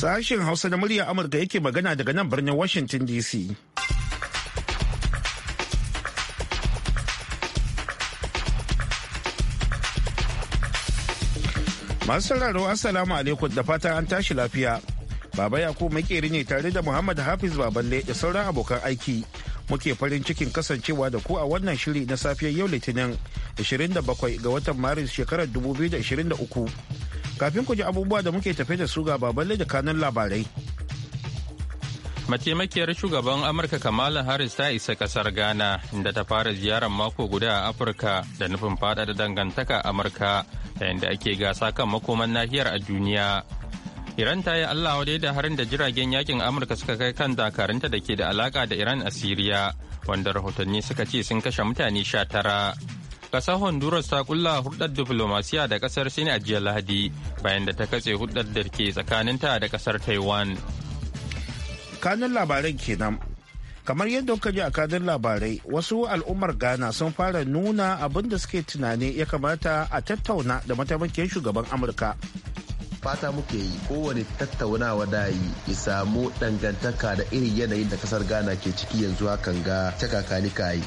Sashen Hausa na murya Amurka yake magana daga nan birnin Washington DC. Masu sauraro Assalamu alaikum da fata an tashi lafiya. Baba Yakubu makeri ne tare da Muhammad Hafiz Baballe da sauran abokan aiki. Muke farin cikin kasancewa da ku a wannan shiri na safiyar yau Litinin 27 ga watan Maris shekarar 2023. Kafin ku ji abubuwa da muke tafe da su ga baballe da kanun labarai. Mataimakiyar shugaban Amurka Kamala Harris ta isa kasar Ghana inda ta fara ziyarar mako guda a Afirka da nufin da dangantaka Amurka da inda ake gasa kan makoman nahiyar a duniya. Iran ta yi Allah wadai da harin da jiragen yakin Amurka suka kai kan dakarunta da ke da alaka da Iran a Siriya wanda rahotanni suka ce sun kashe mutane sha tara. Kasar Honduras ta kulla hulɗar diflomasiya da kasar Sin a jiya Lahadi bayan da ta katse hulɗar da ke tsakanin ta da kasar Taiwan. Kanun labaran kenan kamar yadda kuka ji a kanun labarai wasu al'ummar ghana sun fara nuna abin da suke tunani ya kamata a tattauna da mataimakin shugaban amurka fata muke yi kowane tattaunawa da yi ya samu dangantaka da irin yanayin da kasar ghana ke ciki yanzu hakan ga ta kakani kayi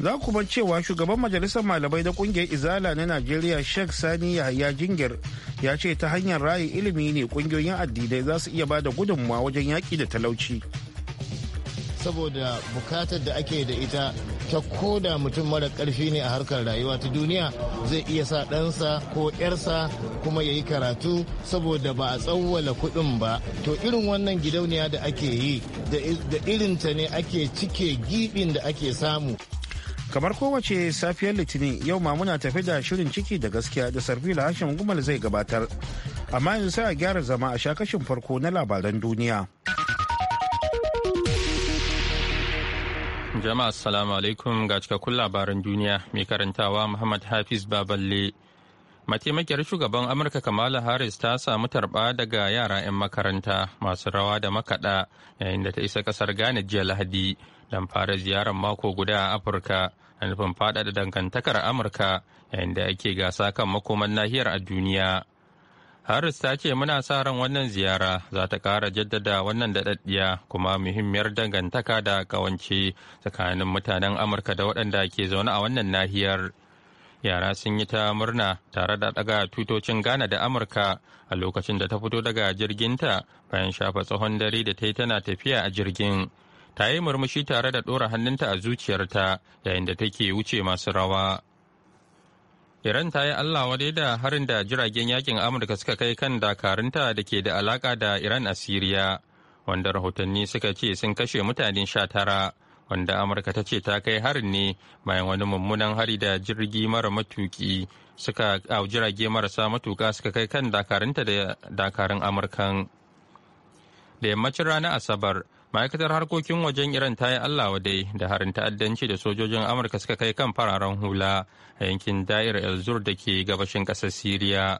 za bar cewa shugaban majalisar malamai da kungiyar izala na najeriya sheikh sani yahya jingir ya ce ta hanyar rayu ilimi ne kungiyoyin addinai za su iya ba da gudunmawa wajen yaƙi da talauci saboda bukatar da ake da ita ta koda mutum mara karfi ne a harkar rayuwa ta duniya zai iya sa ɗansa ko ƴarsa kuma ya yi karatu saboda ba a tsawwala kuɗin ba to irin wannan gidauniya da ake yi da irinta ne ake cike giɓin da ake samu kamar kowace safiyar litinin yau ma muna tafi da shirin ciki da gaskiya da sarfila hashen gumal zai gabatar amma yanzu sai a gyara zama a shakashin farko na labaran duniya jama'a assalamu alaikum ga cikakkun labaran duniya mai karantawa muhammad hafiz baballe mataimakiyar shugaban amurka kamala harris ta samu tarba daga yara 'yan makaranta masu rawa da makaɗa yayin da ta isa kasar ghana jiya lahadi don fara ziyarar mako guda a afirka na nufin faɗaɗa dangantakar amurka yayin da ake gasa kan makoman nahiyar a duniya harris ta ce muna sa ran wannan ziyara za ta ƙara jaddada wannan daɗaɗɗiya kuma muhimmiyar dangantaka da ƙawance tsakanin mutanen amurka da waɗanda ke zaune a wannan nahiyar yara sun yi ta murna tare da ɗaga tutocin ghana da amurka a lokacin da ta fito daga jirginta bayan shafa tsohon dare da ta yi tana tafiya a jirgin ta yi murmushi tare da ɗora hannunta a zuciyarta yayin da take wuce masu rawa. Iran ta yi Allah wadai da harin da jiragen yakin Amurka suka kai kan dakarunta da ke da alaka da Iran a Siriya, wanda rahotanni suka ce sun kashe mutane sha tara, wanda Amurka ta ce ta kai harin ne bayan wani mummunan hari da jirgi mara matuki suka a jirage marasa matuka suka kai kan dakarunta da dakarun Amurkan. Da yammacin ranar Asabar, ma'aikatar harkokin wajen iran ta yi allah wa dai da harin ta'addanci da sojojin amurka suka kai kan fararen hula a yankin da'ir el zur da ke gabashin ƙasar siriya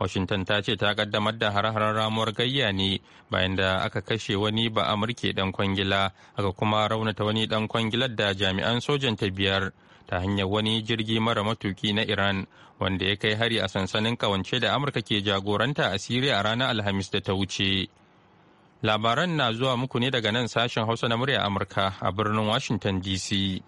washington ta ce ta kaddamar da hare ramuwar gayya ne bayan da aka kashe wani ba amurke dan kwangila aka kuma raunata wani dan kwangilar da jami'an sojan ta biyar ta hanyar wani jirgi mara matuki na iran wanda ya kai hari a sansanin kawance da amurka ke jagoranta a siriya a ranar alhamis da ta wuce Labaran na zuwa muku ne daga nan sashen Hausa na murya Amurka a birnin Washington DC.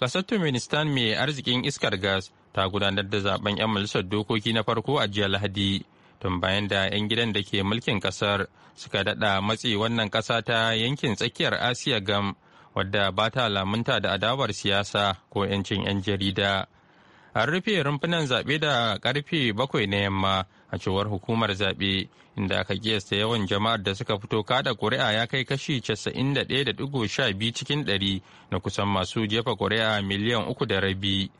ƙasar Turkmenistan mai arzikin iskar gas ta gudanar da zaben 'yan majalisar dokoki na farko a jiya Lahadi. Tun bayan da 'yan gidan da ke mulkin kasar suka daɗa matse wannan ƙasa ta yankin tsakiyar Asiya gam wadda ba ta lamunta da adawar siyasa ko 'yancin 'yan jarida. an rufe rumfunan zaɓe da karfe bakwai na yamma a cewar hukumar zaɓe inda aka kiyasta yawan jama'ar da suka fito kada ƙuri'a ya kai kashi 91.12 cikin ɗari na kusan masu jefa ƙuri'a miliyan uku da rabi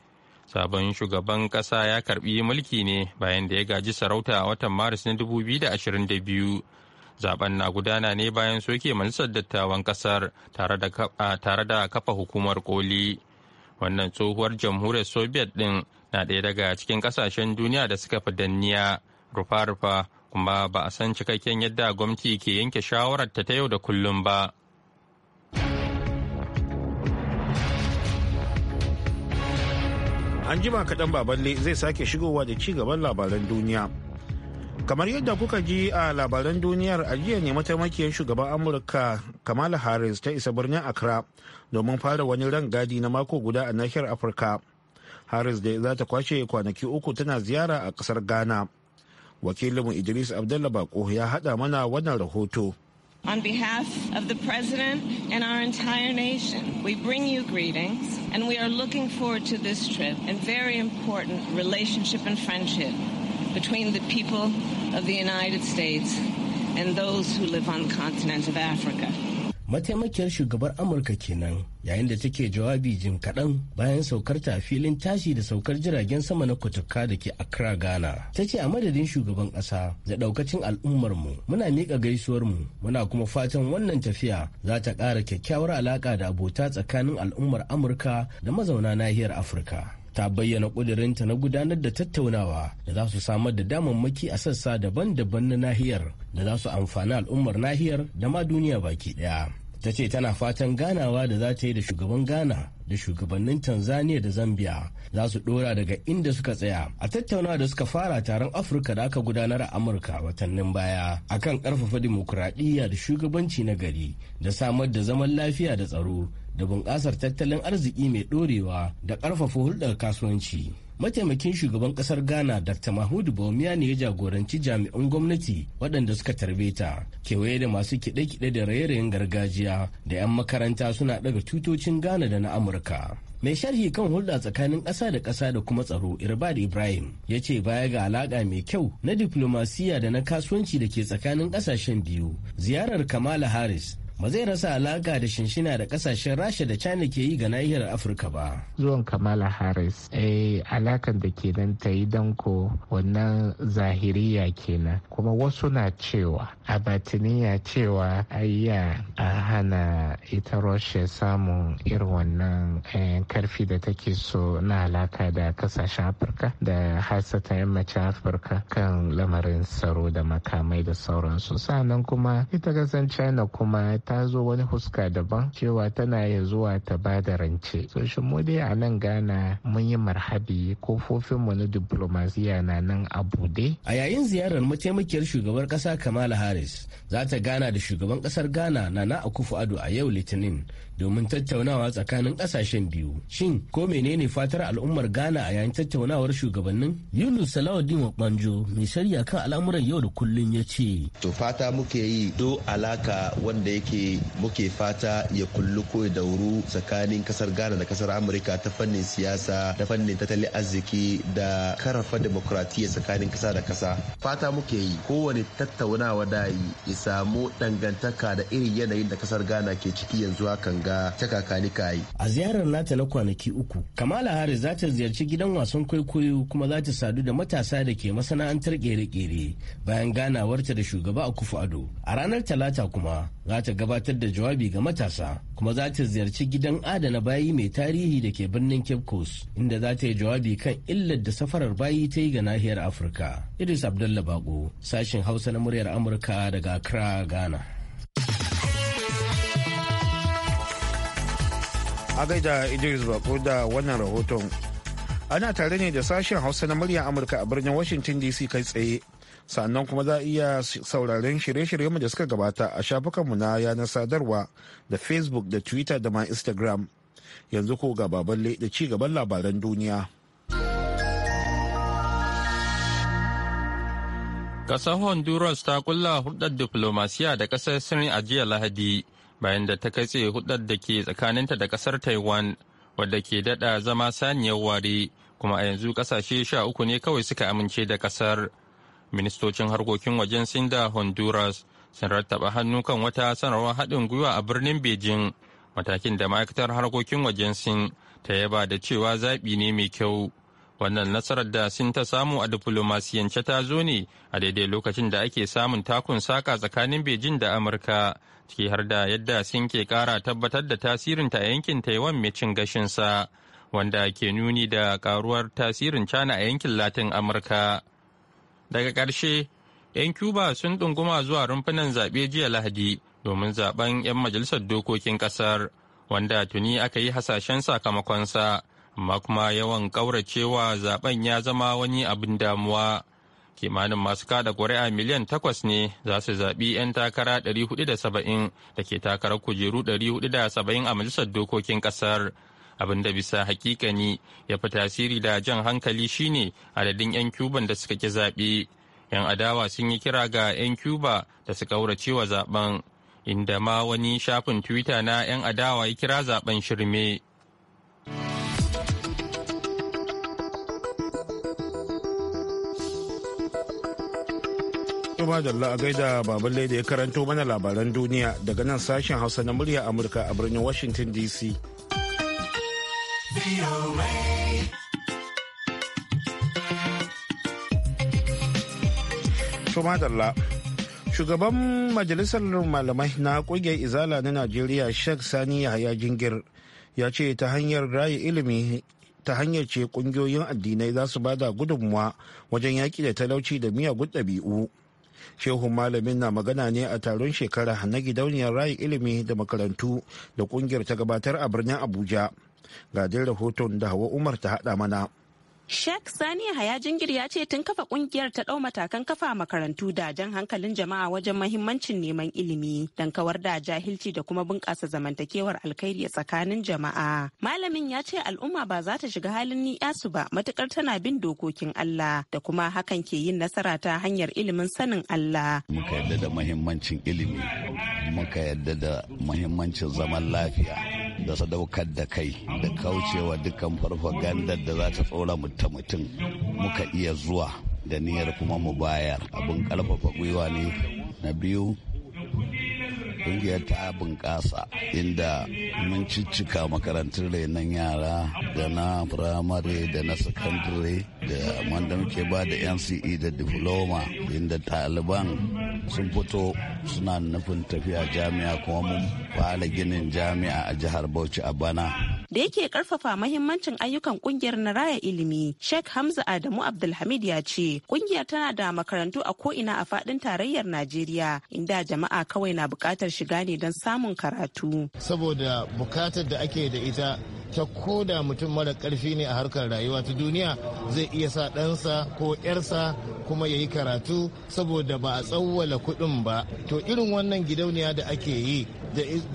sabon shugaban ƙasa ya karbi mulki ne bayan da ya gaji sarauta a watan maris na 2022 zaben na gudana ne bayan soke majalisar dattawan ƙasar tare da kafa hukumar koli. wannan tsohuwar jamhuriyar soviet ɗin na ɗaya daga cikin ƙasashen duniya da suka fi danniya rufa-rufa kuma ba a san cikakken yadda gwamnati ke yanke shawarar ta yau da kullum ba. An jima kaɗan baballe zai sake shigowa da ci gaban labaran duniya. kamar yadda kuka ji a labaran duniyar a jiya ne mataimakiyar shugaban amurka kamala harris ta isa birnin accra domin fara wani ran gadi na mako guda a nahiyar afirka harris da za ta kwashe kwanaki uku tana ziyara a kasar ghana wakilinmu idris abdulla bako ya hada mana wannan rahoto On behalf of the President and our entire nation, we bring you greetings and we are looking forward to this trip and very important relationship and friendship between the people of the United States and those who live on the continent of Africa. mataimakiyar shugabar amurka kenan yayin da take jawabi jin kaɗan bayan saukar ta filin tashi da saukar jiragen sama na Kutuka da ke accra ghana ta ce a madadin shugaban ƙasa da ɗaukacin al'ummarmu muna miƙa gaisuwarmu muna kuma fatan wannan tafiya za ta ƙara kyakkyawar alaƙa da abota tsakanin al'ummar amurka da mazauna nahiyar afirka ta bayyana ƙudurinta na gudanar da tattaunawa da za su samar da damammaki a sassa daban-daban na nahiyar da za su amfani al'ummar nahiyar da ma duniya baki ɗaya. ta ce tana fatan ganawa da za ta yi da shugaban ghana da shugabannin tanzania da zambia za su dora daga inda suka tsaya a tattaunawa da suka fara taron afirka da aka gudanar a amurka watannin baya akan karfafa dimokuraɗiyya da shugabanci na gari da samar da zaman lafiya da tsaro da bunƙasar tattalin arziki mai ɗorewa da ƙarfafa hulɗar kasuwanci. Mataimakin shugaban ƙasar Ghana Dr. Mahmudu Bawumia ne ya jagoranci jami'an gwamnati waɗanda suka tarbe ta, kewaye da masu kiɗe-kiɗe da raye-rayen gargajiya da 'yan makaranta suna ɗaga tutocin Ghana da na Amurka. mai sharhi kan hulɗa tsakanin ƙasa da ƙasa da kuma tsaro irbad ibrahim ya ce baya ga alaƙa mai kyau na diplomasiya da na kasuwanci da ke tsakanin ƙasashen biyu ziyarar kamala harris ba zai rasa alaka da shinshina da kasashen rasha da china ke yi ga nahiyar afirka ba zuwan kamala harris eh alakan da ke nan ta yi danko wannan zahiriya kenan kuma wasu na cewa a batiniya cewa ayya a hana ita rasha samun irin wannan eh, karfi da take so na alaka da kasashen afirka da hasata yammacin afirka kan lamarin tsaro da makamai da sauransu sannan kuma ita kasan china kuma ta zo wani fuska daban cewa tana ya zuwa ta ba da rance so shi a nan ghana mun yi marhabi kofofinmu na diplomasiya na nan a a yayin ziyarar mataimakiyar shugabar ƙasa kamala harris za ta gana da shugaban ƙasar ghana nana akufu ado a yau litinin domin tattaunawa tsakanin ƙasashen biyu shin ko menene fatar al'ummar ghana a yayin tattaunawar shugabannin yunus salawuddin Banjo mai shari'a kan al'amuran yau da kullun ya ce to fata muke yi do alaka wanda yake muke fata ya kullu ko dauru tsakanin kasar ghana da kasar amurka ta fannin siyasa da fannin tattalin arziki da karafa demokratiya tsakanin kasa da kasa fata muke yi kowane tattaunawa da yi ya samu dangantaka da irin yanayin da kasar ghana ke ciki yanzu hakan ga ta kakani kayi a ziyarar nata na kwanaki uku kamala harris za ta ziyarci gidan wasan kwaikwayo kuma za ta sadu da matasa da ke masana'antar kere-kere bayan ganawarta da shugaba a kufu ado a ranar talata kuma za ta gabatar da jawabi ga matasa kuma za ta ziyarci gidan adana bayi mai tarihi da ke birnin cape coast inda za ta yi jawabi kan illar da safarar bayi ta yi ga nahiyar afirka idris abdullahi bako sashen hausa na muryar amurka daga accra ghana a gaida idris bako da wannan rahoton ana tare ne da sashen hausa na muryar amurka a birnin washington dc kai tsaye sannan kuma za a iya sauraren shirye-shiryenmu da suka gabata a shafukanmu na yanar sadarwa da facebook da twitter da ma instagram yanzu ko ga baballe da ci gaban labaran duniya kasar honduras ta kulla hudar diplomasiya da kasar sirri a jiya lahadi bayan da ta katse hudar da ke tsakaninta da kasar taiwan wadda ke daɗa zama saniyar ware kuma a yanzu ƙasashe sha uku ne kawai suka amince da kasar ministocin harkokin wajen sin da honduras sun rattaba hannu kan wata sanarwar haɗin gwiwa a birnin beijing matakin da ma'aikatar harkokin wajen sin ta yaba da cewa zaɓi ne mai kyau wannan nasarar da sin ta samu a diflomasiyance ta zo ne a daidai lokacin da ake samun takun saka tsakanin beijing da amurka ciki har da yadda sin ke kara tabbatar da tasirinta a yankin taiwan mai cin gashinsa wanda ke nuni da karuwar tasirin china a yankin latin amurka daga ƙarshe 'yan cuba sun ɗunguma zuwa rumfunan zaɓe jiya lahadi domin zaɓen 'yan majalisar dokokin ƙasar wanda tuni aka yi hasashen sakamakonsa amma kuma yawan ƙauracewa zaɓen ya zama wani abin damuwa kimanin masu kada ƙuri'a miliyan takwas ne za su zaɓi 'yan takara 470 da ke takarar kujeru 470 a majalisar dokokin ƙasar abin da bisa hakika ne ya fi tasiri da jan hankali shine adadin 'yan cuban da suka ki zaɓe 'yan adawa sun yi kira ga 'yan cuba da suka wa zaben inda ma wani shafin twitter na 'yan adawa ya kira zaben shirme Tuma da a gaida baban da ya karanto mana labaran duniya daga nan sashen hausa na murya amurka a birnin washington dc Tumadalla. Shugaban Majalisar Malamai na ƙungiyar Izala na Najeriya Sheikh Sani Yahaya Jingir ya ce ta hanyar raya ilimi ta hanyar ce ƙungiyoyin addinai za su da gudunmuwa wajen yaƙi da talauci da miyagun ɗabi'u. Shehun Malamin na magana ne a taron shekara na gidauniyar raya ilimi da makarantu da ƙungiyar ta gabatar a birnin Abuja. ga rahoton da hawa umar ta haɗa mana Sheikh Sani Haya Jingir ya ce tun kafa kungiyar ta ɗau matakan kafa makarantu da jan hankalin jama'a wajen mahimmancin neman ilimi don kawar da jahilci da kuma bunƙasa zamantakewar alkhairi tsakanin jama'a. Malamin ya ce al'umma ba za ta shiga halin ni'yasu ba matukar tana bin dokokin Allah da kuma hakan ke yin nasara ta hanyar ilimin sanin Allah. Muka yadda da mahimmancin ilimi, muka yadda da mahimmancin zaman lafiya. da sadaukar da kai da kaucewa dukkan farfagandar da za ta tsora mutum mutum muka iya zuwa da niyyar kuma mu bayar abin ƙarfafa gwiwa ne na biyu ƙungiyar ta bunƙasa inda mun ciccika makarantun renon yara da na firamare da na sakandare da wanda muke ba da nce da diploma inda taliban sun fito suna nufin tafiya jami'a kuma mun fara ginin jami'a a jihar bauchi a bana da yake karfafa mahimmancin ayyukan kungiyar na raya ilimi sheikh hamza adamu abdulhamid ya ce kungiyar tana da makarantu a ko ina a fadin tarayyar najeriya inda jama'a kawai na bukatar shiga ne don samun karatu saboda bukatar da ake da ita ta koda mutum mara karfi ne a harkar rayuwa ta duniya zai iya sa ɗansa ko 'yarsa kuma yayi karatu saboda ba a tsawwala kuɗin ba to irin wannan gidauniya da ake yi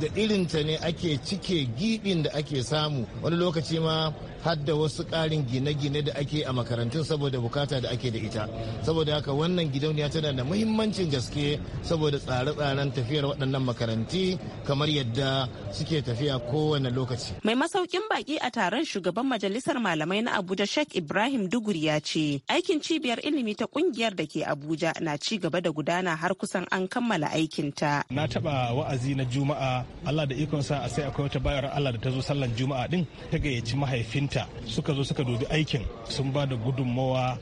da irinta ne ake cike giɓin da ake samu namu wani lokaci ma har da wasu ƙarin gine-gine da ake a makarantun saboda bukata da ake da ita saboda haka wannan gidauniya tana da muhimmancin gaske saboda tsare-tsaren tafiyar waɗannan makaranti kamar yadda suke tafiya kowane lokaci mai masaukin baki a taron shugaban majalisar malamai na abuja sheikh ibrahim duguri ya ce aikin cibiyar ilimi ta kungiyar da ke abuja na ci gaba da gudana har kusan an kammala aikin ta. na taba wa'azi na juma'a allah da ikonsa a sai akwai wata bayar allah da ta zo sallan juma'a din ta gayyaci mahaifinta likita suka zo suka dubi aikin sun ba da gudunmawa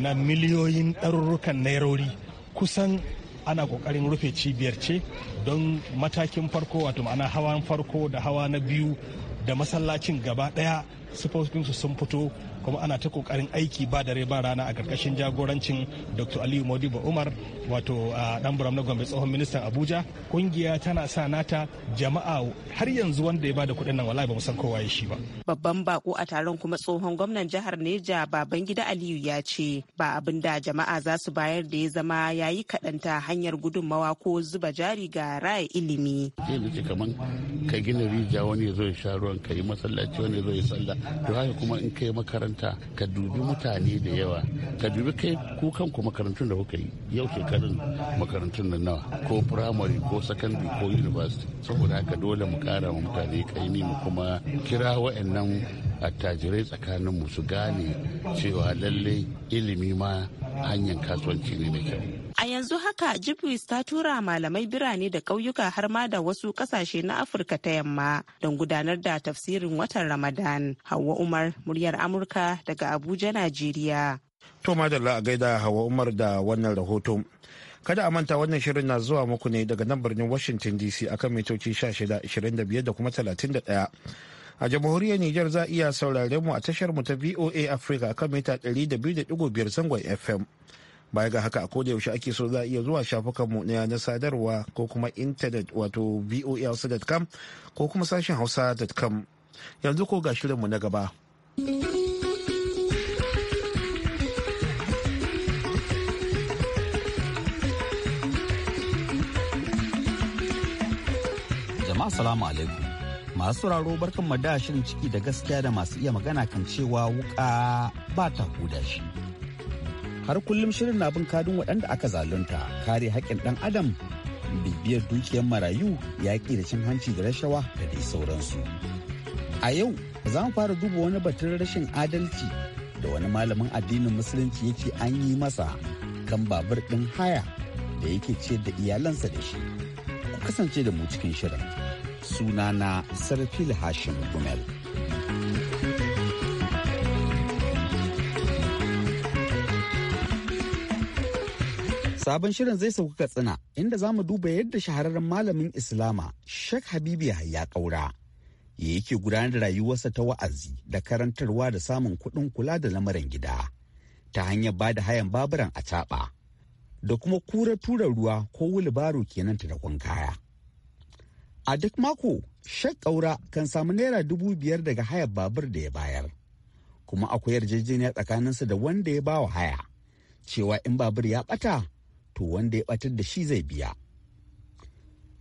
na miliyoyin ɗarurrukan nairori kusan ana kokarin rufe cibiyar ce don matakin farko wato ma'ana hawan farko da hawa na biyu da masallacin gaba ɗaya sufofinsu sun fito kuma ana ta kokarin aiki ba dare ba rana a karkashin jagorancin dr aliyu modibo umar wato dan buram na gombe tsohon ministan abuja kungiya tana sa nata jama'a har yanzu wanda ya bada kuɗin nan wallahi ba san kowa ya shi ba babban bako a taron kuma tsohon gwamnan jihar neja baban gida aliyu ya ce ba abin da jama'a za su bayar da ya zama yayi kaɗan ta hanyar gudunmawa ko zuba jari ga raya ilimi zai ka gina rija wani ya zo ya sha ruwan ka yi masallaci wani ya zo ya sallah to haka kuma in kai makaranta makaranta ka dubi mutane da yawa ka dubi kai ku kanku makarantun da kuka yi yau shekarun makarantun da nawa ko primary ko secondary ko university saboda haka dole mu kara wa mutane kaini mu kuma kira wa'annan attajirai tsakanin mu su gane cewa lallai ilimi ma hanyar kasuwanci ne mai kyau A yanzu haka Jibris ta tura malamai birane da ƙauyuka har ma da wasu ƙasashe na Afirka ta yamma don gudanar da tafsirin watan Ramadan. hawa Umar, muryar Amurka daga Abuja, Najeriya. To madalla a gaida hawa Umar da wannan rahoto. Kada a manta wannan shirin na zuwa muku ne daga nan birnin Washington DC akan mitoci 1625 da kuma 31. a jamhuriyar niger za a iya sauraren mu a tashar mu ta VOA Africa kan mita 200.5 zangon FM. baya ga haka a koda yaushe ake so za a iya zuwa shafukanmu na yanar sadarwa ko kuma intanet wato voa.com ko kuma sashen hausa.com yanzu ko ga shirinmu na gaba. jama'a salamu alaikum masu sauraro barkan da shirin ciki da gaskiya da masu iya magana kan cewa wuka ba ta huda shi har kullum shirin na bin kadin waɗanda aka zalunta kare haƙƙin ɗan adam bibiyar dukiyar marayu yaƙi da cin hanci da rashawa da dai sauransu a yau za mu fara duba wani batun rashin adalci da wani malamin addinin musulunci yake an yi masa kan babur ɗin haya da yake ciyar da iyalansa da shi ku kasance da mu cikin shirin sunana sarfil hashim gumel. Sabon shirin zai sauka Katsina inda za mu duba yadda shahararren malamin Islama Sheikh Habibu ya ƙaura. Ya yake gudanar da rayuwarsa ta wa'azi da karantarwa da samun kuɗin kula da lamarin gida ta hanyar ba da hayan baburan a taɓa da kuma kura tura ruwa ko wulbaro kenan ta da kaya. A duk mako, Sheikh Ƙaura kan samu naira dubu biyar daga hayan babur da ya bayar. Kuma akwai yarjejeniya tsakaninsa da wanda ya bawa haya. cewa in babur ya bata to wanda ya batar da shi zai biya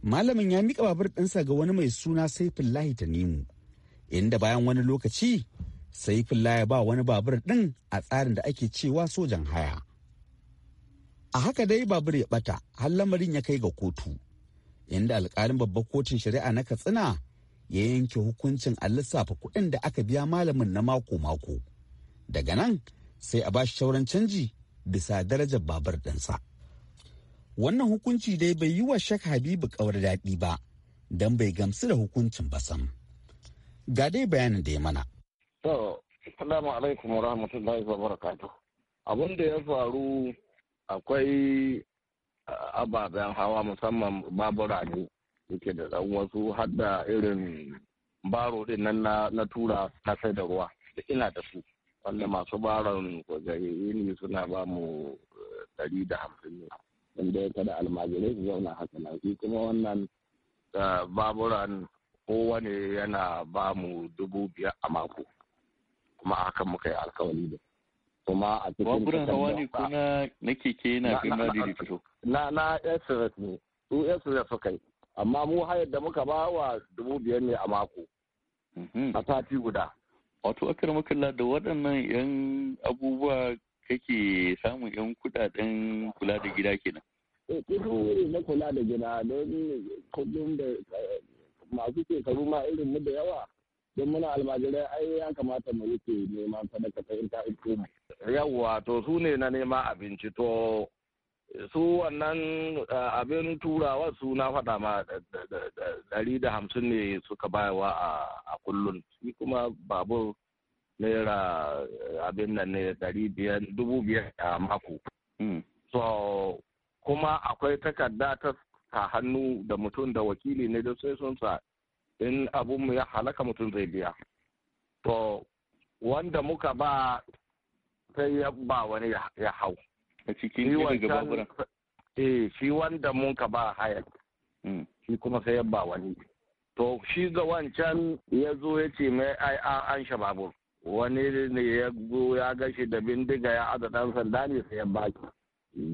malamin ya mika babur ɗinsa ga wani mai suna saifullahi tanimu inda bayan wani lokaci saifullahi ya ba wani babur ɗin a tsarin da ake cewa sojan haya a haka dai babur ya bata har lamarin ya kai ga kotu inda alkalin babbar kotun shari'a na katsina ya yanke hukuncin a lissafa kuɗin da aka biya malamin na mako-mako daga nan sai a bashi sauran canji bisa darajar babur ɗinsa. wannan hukunci dai bai yi wa shek habibu kawar daɗi ba don bai gamsu da hukuncin ba sam ga dai bayanin da ya mana to assalamu alaikum wa rahmatullahi wa barakatu. abin da ya faru akwai ababen hawa musamman babura ne yake da ɗan wasu hadda irin baro din nan na tura na sai da ruwa da ina da su wanda masu baron kwajayi ne suna ba mu eh, ɗari da hamsin inda ya kada almajirai su zauna haka nan shi kuma wannan eh, baburan kowane yana ba mu dubu biyar a mako kuma hakan muka yi alkawari da kuma a cikin baburan hawa ne ko na keke yana gina da na na srs ne su srs suka yi amma mu hayar da muka ba wa dubu biyar ne a mako mhm. a sati guda wato akar makalla da waɗannan 'yan abubuwa kake samun yan kudaden kula da gida kenan eh, wuri na kula da gida don kudin da eh, masu shekaru ma irin mu da yawa don muna almajirai ai ya kamata mu rike neman sadaka ta ita ita mu yawwa to su ne na neman abinci to su wannan eh, abin turawa su na faɗa ma ɗari da hamsin ne suka bayawa a kullum. shi kuma babur naira eh, abin nan ne dari biyar dubu biyar a mako. Hmm. So kuma akwai takarda ta sa hannu da mutum da wakili ne da sai sun sa in abun ya halaka mutum zai biya. To wanda muka ba sai ya ba wani ya hau. A cikin gaba Eh shi wanda muka ba haya. Hmm. Shi kuma sai ya ba wani. To shi ga wancan ya zo ya ce mai ai an sha babur. wani ne ya ya gashi da bindiga ya aza dan sanda ne sai ya baki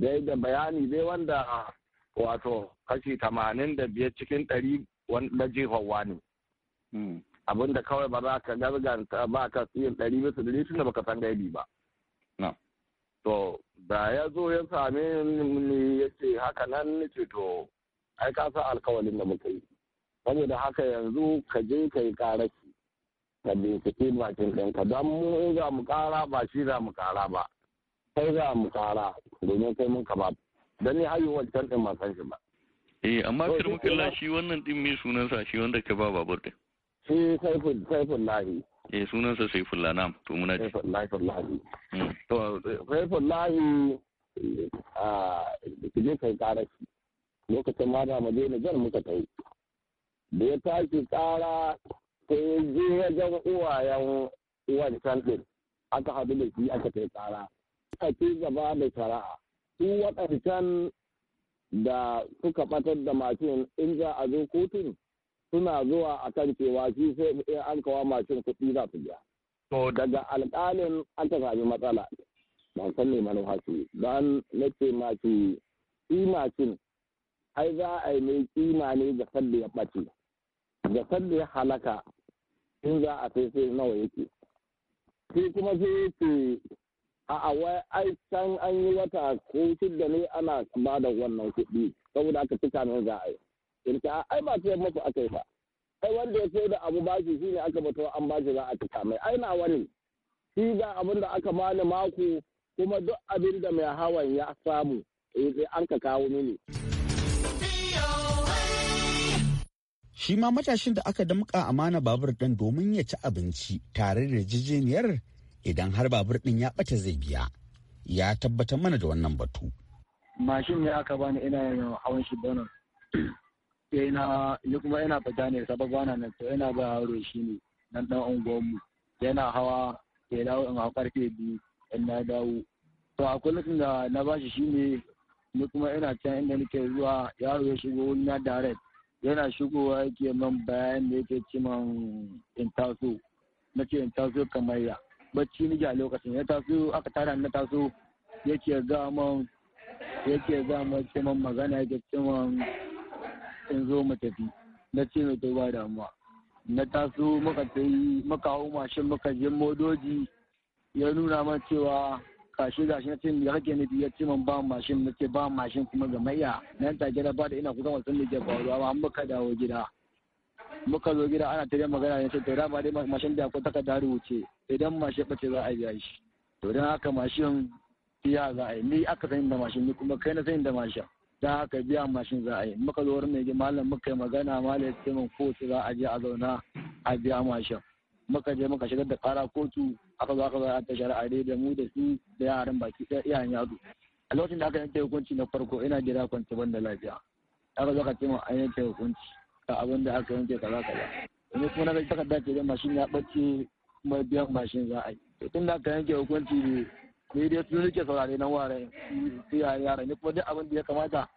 dai da bayani dai wanda wato kashi tamanin da biyar cikin ɗari na jihowa ne hmm. abinda kawai ba za ka garganta ba ka siyan ɗari bisa da tunda baka san gaibi ba to da ya zo ya same ni ya ce haka nan ni ce to ai ka sa alkawalin da muka yi saboda haka yanzu ka je ka yi karar ka bincike bakin ɗinka don mu in za mu kara ba shi za mu kara ba kai za mu kara domin kai mun kaba don ni hayu wancan ɗin ma san shi ba. eh amma karmakalla shi wannan ɗin mai sunansa shi wanda ka ba babur ɗin. shi saifun lahi. eh sunansa saifun lana to muna ji. saifun lahi. Hmm. to saifun lahi a je kai kara shi lokacin ma da mu je Nijar muka kai. da ya tashi kara sai je wajen uwayen wancan ɗin aka haɗu da shi aka kai tsara aka ci gaba da shari'a su waɗancan da suka ɓatar da mashin in za a zo kotun suna zuwa a kan cewa shi sai an kawo mashin kuɗi za su biya. Daga alƙalin aka sami matsala ban san neman wasu don na ce mashi shi mashin ai za a yi mai kima ne da sadda ya ɓace da sadda ya halaka in za a kai sai nawa yake sai kuma sai ce a awai ai can an yi wata ko shidda ne ana ba da wannan kuɗi saboda aka tuka min za a yi in ta ai ba sai masu aka yi ba ai wanda ya sai da abu bashi shine aka bata an ba bashi za a tuka mai ai na wani shi ga abin da aka bani mako kuma duk abin da mai hawan ya samu eh, an ka kawo mini. shi ma matashin da aka damƙa amana babur ɗin domin ya ci abinci tare da jijiniyar idan har babur ɗin ya ɓata zai biya ya tabbatar mana da wannan batu. mashin ne aka bani ina yin hawan shi banar ina ni kuma ina fita ne sababa bana nan to ina ba yaro shi ne nan dan unguwanmu yana hawa ya dawo in hau karfe biyu in na dawo to a kullum da na bashi shi ne ni kuma ina can inda nake zuwa yaro ya shigo wani na direct yana shigowa yake man bayan da yake ci man in taso na ce in taso kamar ya bacci nige a lokacin ya taso aka tara na taso yake ga man yake ga man man magana yake ci man in zo mu tafi na ce mai to ba damuwa na taso muka tayi muka hau mashin muka je modoji ya nuna man cewa kashe gashi na ce da kake nufi ya ce man ba mashin na ce ba mashin kuma maiya nan ta gida ba da ina kusan wasan da ke faruwa amma muka dawo gida muka zo gida ana tare magana ne sai to dama dai mashin da akwai takarda rubuce idan mashin bace za a biya shi to dan haka mashin biya za a yi ni aka san da mashin ni kuma kai na san da mashin dan haka biya mashin za a yi muka zo wurin mai malam muka yi magana malam ya ce min ko za a je a zauna a biya mashin muka je muka shigar da kara kotu aka zo aka zo a shari'a dai da mu da su da yaran baki da iyayen yaro a lokacin da aka yanke hukunci na farko ina gida kwanci ban da lafiya aka zo ka ce an yanke hukunci ka abin da aka yanke kaza kaza ne kuma na ga takarda ce da mashin ya bace kuma biyan mashin za a yi tun da aka yanke hukunci ne dai sun rike saurare nan ware su yaran ne kuma duk abin da ya kamata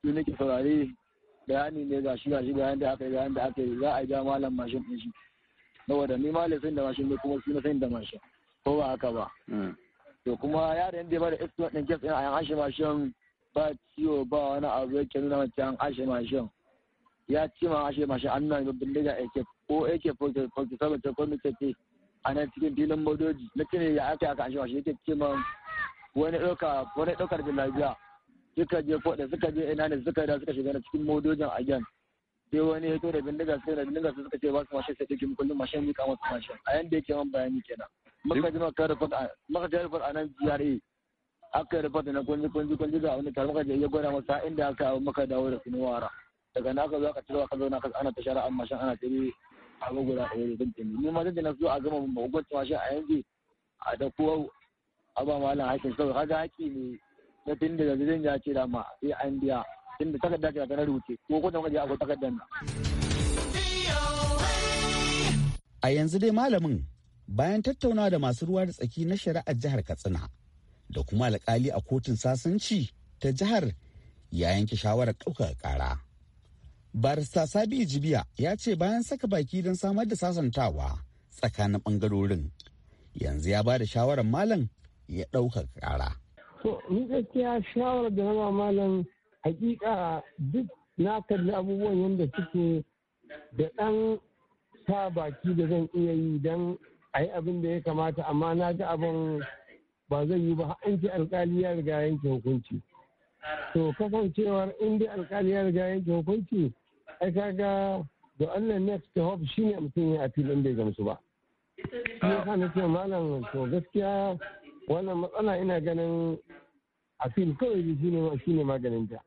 su rike saurare bayani ne ga shi ga shi bayan da aka yi bayan da aka yi za a ja malam mashin ɗin shi na ni ma lesson da mashin ne kuma suna sayin da mashin ko ba haka ba hmm. to kuma yaron da ya bada estimate din kes din a yan ashe mashin ba ciwo ba wani abu yake nuna mace an ashe mashin ya ci ma ashe mashin an nuna babban daga ake ko ake fokin sabon ce kwanu ta ce a nan cikin filin modoji na cire ya aka aka ashe mashin yake ce ma wani ɗauka wani ɗaukar bin lafiya suka je ko da suka je ina ne suka da suka shiga cikin modojin a again sai wani ya da bindiga sai da bindiga su suka ce ba su mashin sai ɗauki kullum mashin mika masu mashin a yanda yake man bayani kenan maka ji maka rufa maka ji rufa a nan GRA aka rufar da na kunji kunji kunji ga wani tare maka je ya gwada masa inda aka maka dawo da sunu wara daga na aka zo aka ciro aka zauna ana ta shara an mashin ana tare a guda a wuri dindin ni ma zan na so a gama mu hukunci mashin a yanzu a da kowa a ba malam hakin kawai kaga haki ne na tun da zan ya ce da ma sai an biya inda takarda ce ta rubuce ko kodan waje akwai takardar nan a yanzu dai malamin bayan tattaunawa da masu ruwa da tsaki na shari'ar jihar Katsina da kuma alkali a kotun sasanci ta jihar ya yanke shawarar ɗaukar ƙara. Barista Sabi Jibiya ya ce bayan saka baki don samar da sasantawa tsakanin bangarorin yanzu ya ba da shawarar malam ya ɗaukar ƙara. To, ni gaskiya shawarar da nama malam hakika duk na kalli abubuwan yadda suke da ɗan sa baki da zan iya yi don a yi abin da ya kamata amma na ga abin ba zai yi ba an ce alkali ya riga yanke hukunci to kasancewar in alkali ya riga yanke hukunci ai ga da Allah next to hope shine mutum ya appeal inda bai gamsu ba ne ka na ce malam to gaskiya wannan matsala ina ganin afil kawai shi ne maganin ta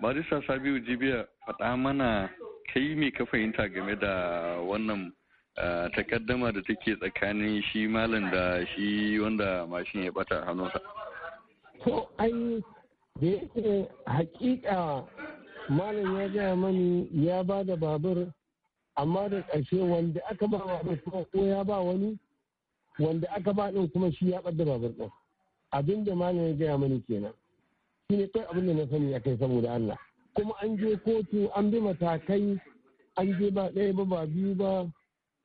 barista sabiu jibiya faɗa mana kai me ka fahimta game da wannan takaddama da take tsakanin shi malam da shi wanda mashin ya bata hannunsa to ai da yake hakika malam ya gaya mani ya ba da babur amma da ƙarshe wanda aka ba babur kuma ko ya ba wani wanda aka ba ɗin kuma shi ya ɓadda babur ɗin abinda malam ya gaya mani kenan shi ne kai abin da na sani kai saboda Allah kuma an je kotu an bi matakai an je ba ɗaya ba ba biyu ba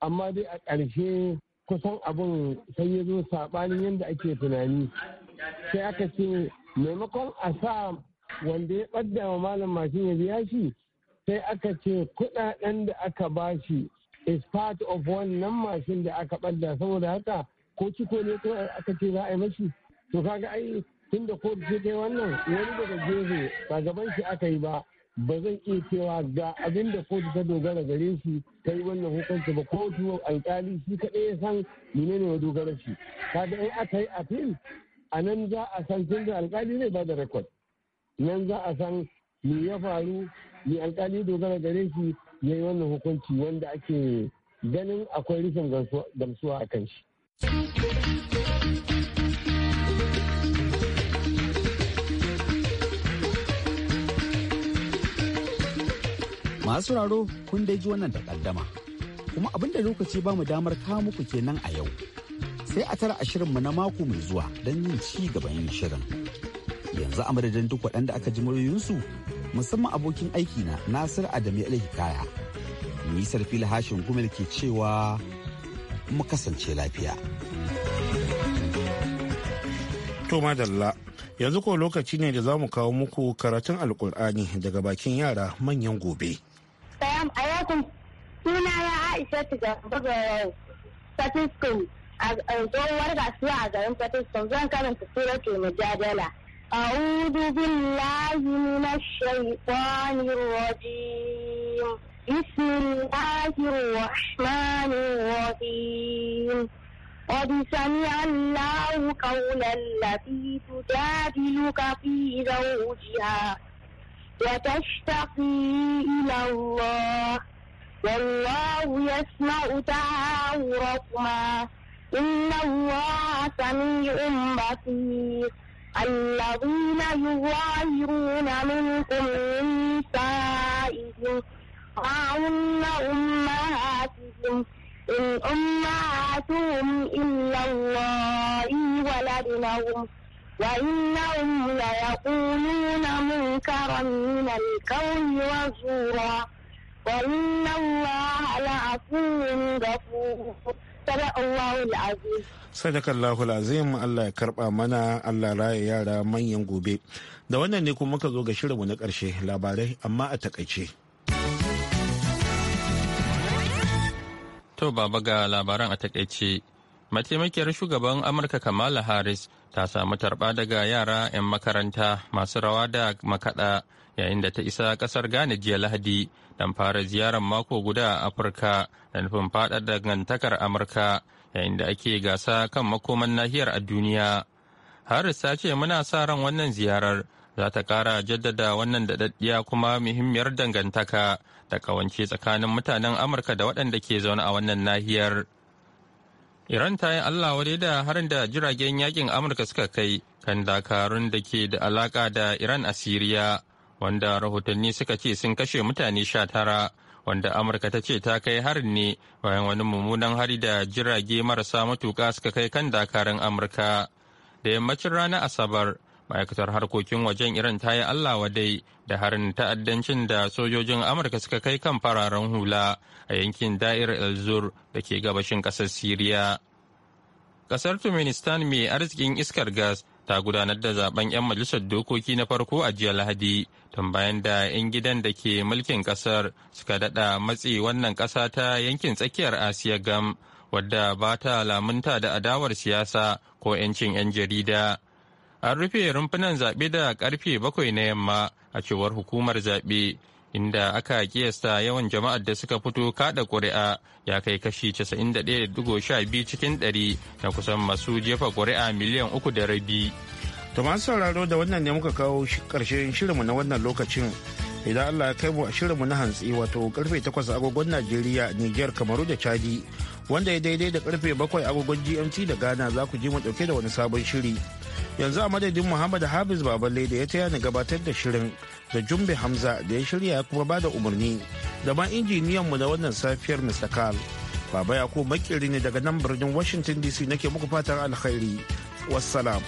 amma dai a ƙarshe kusan abin sai ya zo saɓanin yadda ake tunani sai aka ce maimakon a sa wanda ya ɓadda wa malam mashin ya biya shi sai aka ce kuɗaɗen da aka ba shi is part of wannan mashin da aka ɓadda saboda haka ko ciko ne ko aka ce za a yi mashi to kaga ai tun da ko dai wannan wani daga gefe ba gaban shi aka yi ba ba zan iya cewa ga abin da kotu ta dogara gare shi ta yi wannan hukunci ba kotu alkali shi kaɗai ya san ne wa dogara shi kaga in aka yi appeal a nan za a san tun da alkali zai ba da rekod nan za a san me ya faru me alkali dogara gare shi ya yi wannan hukunci wanda ake ganin akwai rufin gamsuwa a kan shi. Masu raro kun dai ji wannan takaddama. Kuma abinda lokaci ba mu damar kawo muku kenan a yau. Sai a tara mu na mako mai zuwa don yin ci gaban yin shirin. Yanzu a madadin duk waɗanda aka ji muryoyinsu musamman abokin aiki na Nasir Adamu Alhikaya. nisar Sarfil Hashin Gumel ke cewa mu kasance lafiya. To madalla yanzu ko lokaci ne da za mu kawo muku karatun alkur'ani daga bakin yara manyan gobe. ayakun suna ya aisha ta gaba ga statistics a tsohuwar kasuwa a garin statistics zan karanta suratul mujadala أعوذ بالله من الشيطان الرجيم بسم الله الرحمن الرحيم قد سمع الله قول التي تجادلك في زوجها وتشتكي إلى الله والله يسمع تعاوركما إن الله سميع بصير الذين يظاهرون منكم من نسائهم هن أمهاتهم إن أمهاتهم إلا الله ولدنهم وإنهم ليقولون منكرا من الكون وزورا وإن الله لعفو غفور صدق الله العظيم sadakallahu lazim Allah ya karba mana Allah raya yara manyan gobe da wannan ne kuma muka zo ga shirinmu na ƙarshe labarai amma a takaice to baba ga labaran a takaice mataimakiyar shugaban amurka kamala harris ta samu tarba daga yara 'yan makaranta masu rawa da makaɗa yayin da ta isa ƙasar Ghana jiya Lahadi don fara ziyarar mako guda a Afirka da nufin faɗa dangantakar Amurka yayin da ake gasa kan makoman nahiyar a duniya. Harris ta ce muna sa ran wannan ziyarar za ta ƙara jaddada wannan daɗaɗɗiya kuma muhimmiyar dangantaka da ƙawance tsakanin mutanen Amurka da waɗanda ke zaune a wannan nahiyar. Iran ta yi Allah wadai da harin da jiragen yakin Amurka suka kai kan dakarun da ke da alaka da Iran a Siriya, wanda rahotanni suka ce sun kashe mutane sha tara, wanda Amurka ta ce ta kai harin ne bayan wani mummunan hari da jirage marasa matuka suka kai kan dakarun Amurka. Da yammacin ranar Asabar, ma'aikatar harkokin wajen iran ta yi allah wadai da harin ta'addancin da sojojin amurka suka kai kan fararen hula a yankin da'ir el da ke gabashin kasar siriya kasar turkmenistan mai arzikin iskar gas ta gudanar da zaben 'yan majalisar dokoki na farko a jiya lahadi tun bayan da 'yan gidan da ke mulkin kasar suka dada matsi wannan kasa ta yankin tsakiyar asiya gam wadda ba ta lamunta da adawar siyasa ko 'yancin 'yan jarida an rufe rumfunan zaɓe da karfe bakwai na yamma a cewar hukumar zaɓe inda aka kiyasta yawan jama'ar da suka fito kaɗa ƙuri'a ya kai kashi 91.12 cikin 100 na kusan masu jefa ƙuri'a miliyan uku da rabi. To masu sauraro da wannan ne muka kawo ƙarshen shirinmu na wannan lokacin idan Allah ya kai mu a shirinmu na hantsi wato karfe 8 agogon Najeriya, niger Kamaru da Chadi wanda ya daidai da karfe 7 agogon GMT da Ghana za ku ji mu dauke da wani sabon shiri. yanzu a madadin muhammad habis baballe da ya taya ni gabatar da shirin da jumbe hamza da ya shirya ya kuma bada umarni da ma injiniyanmu na wannan safiyar mr karl baba yakubu makiri ne daga nan birnin washington dc nake muku fatan alkhairi wassalam